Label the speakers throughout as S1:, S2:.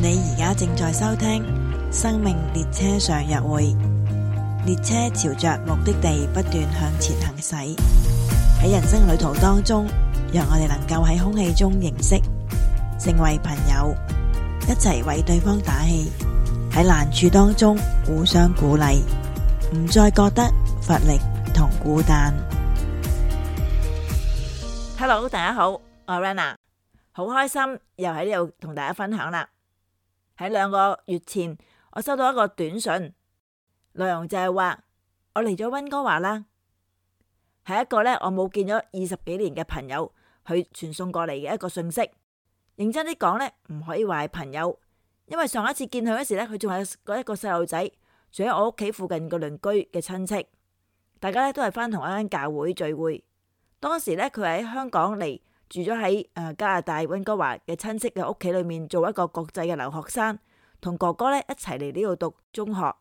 S1: 你而家正在收聽《生命列車上約會》，列車朝着目的地不斷向前行駛。喺人生旅途當中，讓我哋能夠喺空氣中認識，成為朋友，一齊為對方打氣。喺難處當中互相鼓勵，唔再覺得乏力同孤單。Hello，大家好，我係 Rana，好開心又喺呢度同大家分享啦。喺兩個月前，我收到一個短信，內容就係話我嚟咗溫哥華啦。係一個咧我冇見咗二十幾年嘅朋友，佢傳送過嚟嘅一個信息。認真啲講咧，唔可以話係朋友，因為上一次見佢嗰時咧，佢仲係嗰一個細路仔，住喺我屋企附近嘅鄰居嘅親戚。大家咧都係翻同一間教會聚會。當時咧佢喺香港嚟。住咗喺誒加拿大溫哥華嘅親戚嘅屋企裏面，做一個國際嘅留學生，同哥哥咧一齊嚟呢度讀中學。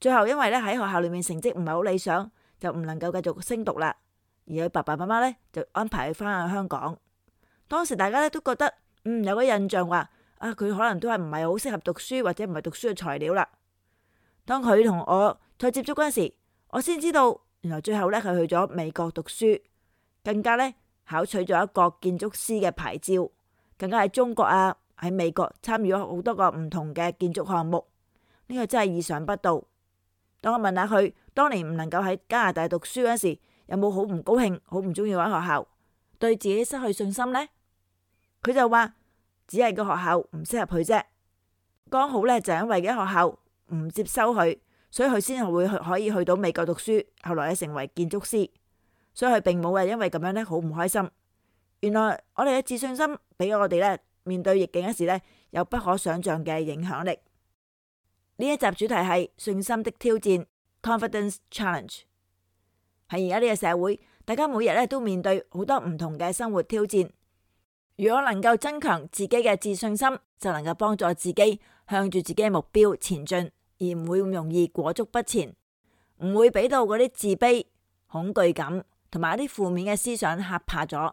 S1: 最後因為咧喺學校裏面成績唔係好理想，就唔能夠繼續升讀啦。而佢爸爸媽媽咧就安排佢返去香港。當時大家咧都覺得，嗯，有個印象話啊，佢可能都係唔係好適合讀書或者唔係讀書嘅材料啦。當佢同我再接觸嗰陣時，我先知道原來最後咧佢去咗美國讀書，更加咧，考取咗一個建築師嘅牌照，更加喺中國啊，喺美國參與咗好多個唔同嘅建築項目，呢個真係意想不到。當我問下佢當年唔能夠喺加拿大讀書嗰時，有冇好唔高興、好唔中意嗰學校，對自己失去信心呢？佢就話只係個學校唔適合佢啫，剛好呢，就因為嗰學校唔接收佢，所以佢先係會可以去到美國讀書，後來成為建築師。所以佢並冇係，因為咁樣咧，好唔開心。原來我哋嘅自信心俾我哋咧，面對逆境嗰時咧，有不可想象嘅影響力。呢一集主題係信心的挑戰 （Confidence Challenge）。喺而家呢個社會，大家每日咧都面對好多唔同嘅生活挑戰。如果能夠增強自己嘅自信心，就能夠幫助自己向住自己嘅目標前進，而唔會咁容易裹足不前，唔會俾到嗰啲自卑恐懼感。同埋一啲負面嘅思想嚇怕咗。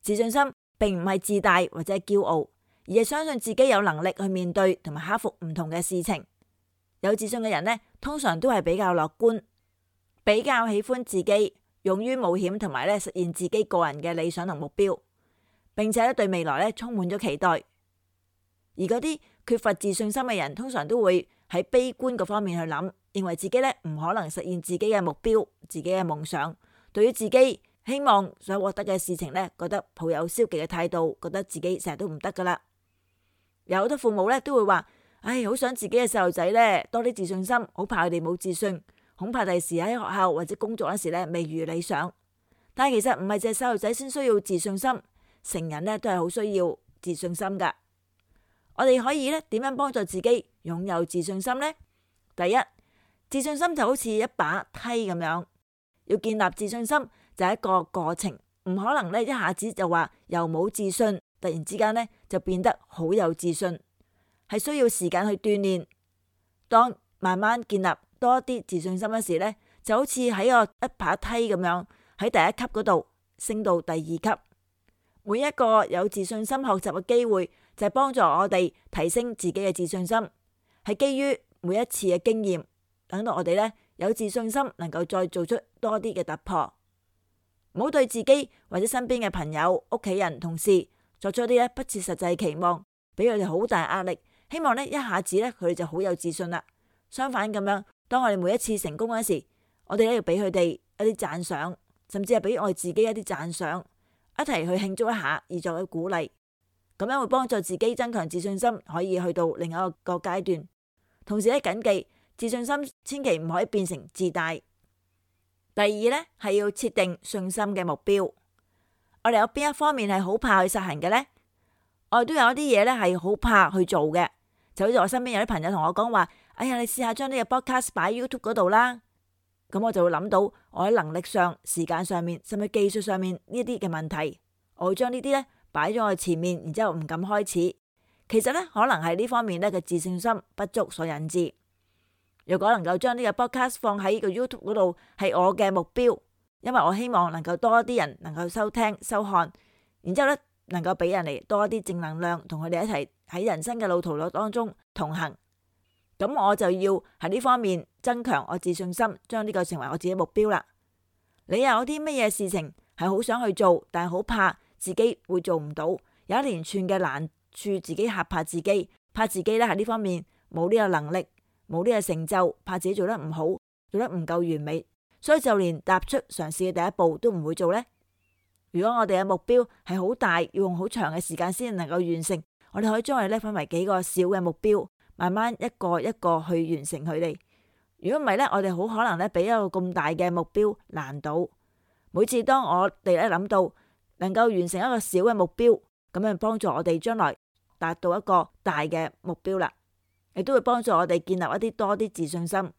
S1: 自信心並唔係自大或者係驕傲，而係相信自己有能力去面對同埋克服唔同嘅事情。有自信嘅人呢，通常都係比較樂觀，比較喜歡自己，勇於冒險，同埋咧實現自己個人嘅理想同目標，並且咧對未來咧充滿咗期待。而嗰啲缺乏自信心嘅人，通常都會喺悲觀嗰方面去諗，認為自己咧唔可能實現自己嘅目標、自己嘅夢想。對於自己希望想獲得嘅事情咧，覺得抱有消極嘅態度，覺得自己成日都唔得噶啦。有好多父母咧都會話，唉，好想自己嘅細路仔咧多啲自信心，好怕佢哋冇自信，恐怕第時喺學校或者工作嗰時咧未如理想。但係其實唔係只細路仔先需要自信心，成人咧都係好需要自信心噶。我哋可以咧點樣幫助自己擁有自信心呢？第一，自信心就好似一把梯咁樣。要建立自信心就係、是、一個過程，唔可能咧一下子就話又冇自信，突然之間咧就變得好有自信，係需要時間去鍛煉。當慢慢建立多啲自信心嘅時咧，就好似喺個一把梯咁樣，喺第一級嗰度升到第二級。每一個有自信心學習嘅機會，就係、是、幫助我哋提升自己嘅自信心，係基於每一次嘅經驗，等到我哋咧。有自信心，能夠再做出多啲嘅突破，唔好對自己或者身邊嘅朋友、屋企人、同事作出一啲不切實際嘅期望，俾佢哋好大壓力。希望呢一下子呢佢哋就好有自信啦。相反咁樣，當我哋每一次成功嗰時，我哋咧要俾佢哋一啲讚賞，甚至係俾我自己一啲讚賞，一齊去慶祝一下，以作為鼓勵，咁樣會幫助自己增強自信心，可以去到另一個個階段。同時咧，謹記。自信心千祈唔可以變成自大。第二咧係要設定信心嘅目標。我哋有邊一方面係好怕去實行嘅呢？我哋都有一啲嘢咧係好怕去做嘅。就好似我身邊有啲朋友同我講話，哎呀，你試下將呢個 Podcast 擺 YouTube 嗰度啦。咁我就會諗到我喺能力上、時間上面，甚至技術上面呢啲嘅問題，我會將呢啲咧擺咗我前面，然之後唔敢開始。其實咧可能係呢方面咧嘅自信心不足所引致。如果能夠將呢個 Podcast 放喺呢個 YouTube 嗰度，係我嘅目標，因為我希望能夠多啲人能夠收聽收看，然之後呢能夠俾人哋多啲正能量，同佢哋一齊喺人生嘅路途路當中同行，咁我就要喺呢方面增強我自信心，將呢個成為我自己目標啦。你有啲乜嘢事情係好想去做，但係好怕自己會做唔到，有一連串嘅難處，自己嚇怕自己，怕自己呢喺呢方面冇呢個能力。冇呢個成就，怕自己做得唔好，做得唔夠完美，所以就連踏出嘗試嘅第一步都唔會做呢？如果我哋嘅目標係好大，要用好長嘅時間先能夠完成，我哋可以將佢咧分為幾個小嘅目標，慢慢一個一個去完成佢哋。如果唔係呢，我哋好可能咧俾一個咁大嘅目標難倒。每次當我哋咧諗到能夠完成一個小嘅目標，咁樣幫助我哋將來達到一個大嘅目標啦。亦都會幫助我哋建立一啲多啲自信心。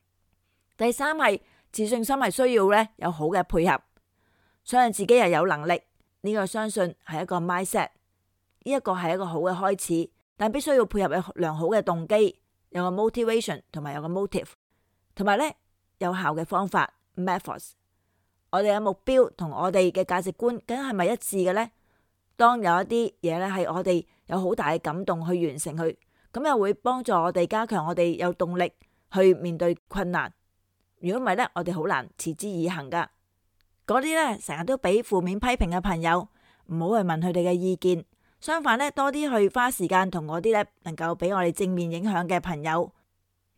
S1: 第三係，自信心係需要咧有好嘅配合，相信自己又有能力。呢、這個相信係一個 mindset，呢一個係一個好嘅開始，但必須要配合有良好嘅動機，有個 motivation 同埋有，有個 motive，同埋咧有效嘅方法 methods。我哋嘅目標同我哋嘅價值觀梗係咪一致嘅呢？當有一啲嘢咧係我哋有好大嘅感動去完成佢。咁又會幫助我哋加強我哋有動力去面對困難。如果唔係呢，我哋好難持之以恒噶。嗰啲呢，成日都俾負面批評嘅朋友，唔好去問佢哋嘅意見，相反呢，多啲去花時間同嗰啲呢能夠俾我哋正面影響嘅朋友。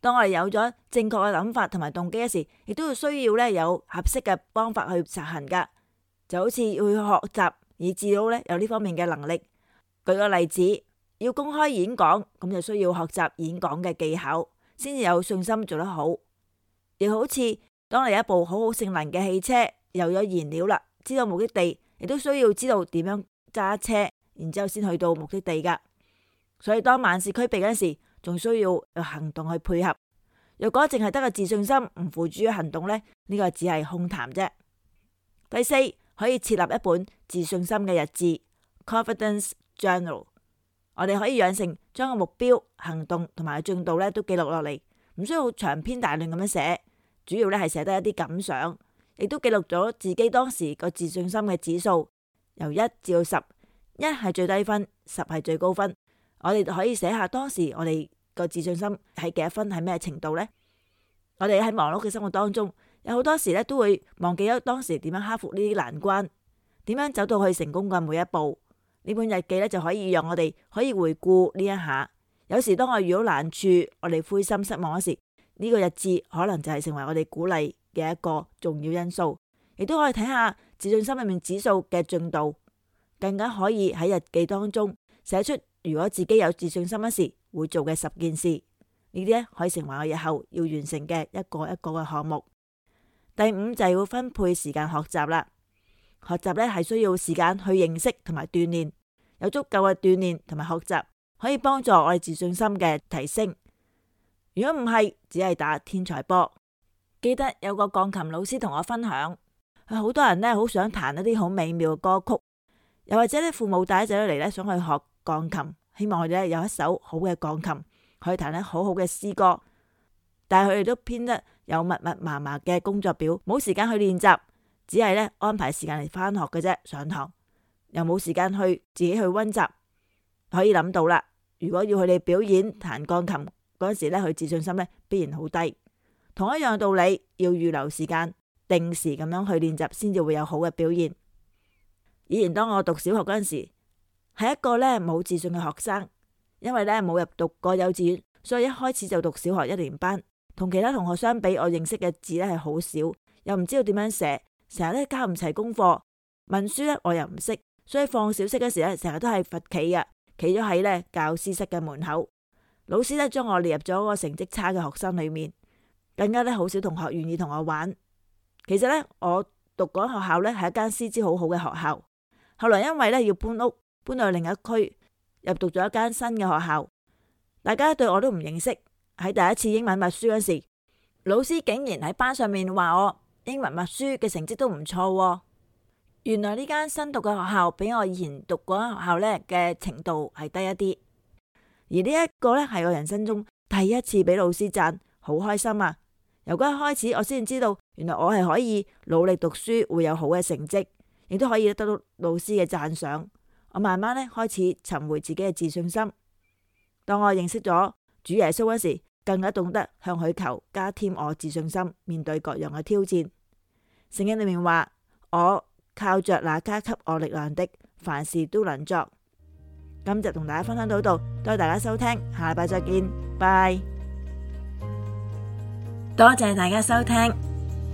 S1: 當我哋有咗正確嘅諗法同埋動機嘅時，亦都要需要呢有合適嘅方法去實行噶。就好似去學習，以至到呢有呢方面嘅能力。舉個例子。要公開演講咁，就需要學習演講嘅技巧，先至有信心做得好。亦好似當你一部好好性能嘅汽車又有燃料啦，知道目的地，亦都需要知道點樣揸車，然之後先去到目的地噶。所以當萬事俱備嗰陣時，仲需要有行動去配合。若果淨係得個自信心，唔付諸於行動呢，呢個只係空談啫。第四可以設立一本自信心嘅日誌 （Confidence Journal）。我哋可以養成將個目標、行動同埋進度咧都記錄落嚟，唔需要長篇大論咁樣寫，主要咧係寫得一啲感想，亦都記錄咗自己當時個自信心嘅指數，由一至到十，一係最低分，十係最高分。我哋可以寫下當時我哋個自信心係幾多分，係咩程度咧？我哋喺忙碌嘅生活當中，有好多時咧都會忘記咗當時點樣克服呢啲難關，點樣走到去成功嘅每一步。呢本日記咧就可以讓我哋可以回顧呢一下。有時當我遇到難處，我哋灰心失望嗰時，呢個日誌可能就係成為我哋鼓勵嘅一個重要因素。亦都可以睇下自信心入面指數嘅進度，更加可以喺日記當中寫出如果自己有自信心嗰時會做嘅十件事。呢啲咧可以成為我日後要完成嘅一個一個嘅項目。第五就係要分配時間學習啦。學習咧係需要時間去認識同埋鍛煉，有足夠嘅鍛煉同埋學習，可以幫助我哋自信心嘅提升。如果唔係，只係打天才波。記得有個鋼琴老師同我分享，佢好多人咧好想彈一啲好美妙嘅歌曲，又或者啲父母帶咗仔女嚟，咧想去學鋼琴，希望佢哋有一首好嘅鋼琴可以彈得好好嘅詩歌，但係佢哋都編得有密密麻麻嘅工作表，冇時間去練習。只係咧安排時間嚟翻學嘅啫，上堂又冇時間去自己去溫習，可以諗到啦。如果要去你表演彈鋼琴嗰時咧，佢自信心咧必然好低。同一樣道理，要預留時間，定時咁樣去練習，先至會有好嘅表現。以前當我讀小學嗰陣時，係一個咧冇自信嘅學生，因為咧冇入讀過幼稚園，所以一開始就讀小學一年班，同其他同學相比，我認識嘅字咧係好少，又唔知道點樣寫。成日咧，交唔齊功課，問書咧我又唔識，所以放小息嗰時咧，成日都係罰企啊，企咗喺咧教師室嘅門口。老師咧將我列入咗個成績差嘅學生裏面，更加咧好少同學願意同我玩。其實咧，我讀嗰學校咧係一間師資好好嘅學校。後來因為咧要搬屋，搬到另一區，入讀咗一間新嘅學校，大家對我都唔認識。喺第一次英文默書嗰時，老師竟然喺班上面話我。英文默書嘅成績都唔錯喎，原來呢間新讀嘅學校比我以前讀嗰間學校呢嘅程度係低一啲，而呢一個呢，係我人生中第一次俾老師讚，好開心啊！由嗰一開始，我先知道原來我係可以努力讀書會有好嘅成績，亦都可以得到老師嘅讚賞。我慢慢呢，開始尋回自己嘅自信心。當我認識咗主耶穌嗰時，更加懂得向佢求，加添我自信心，面對各樣嘅挑戰。聖經裏面話：我靠着那加給我力量的，凡事都能作。今日就同大家分享到呢度，多謝大家收聽，下禮拜再見，拜，多謝大家收聽。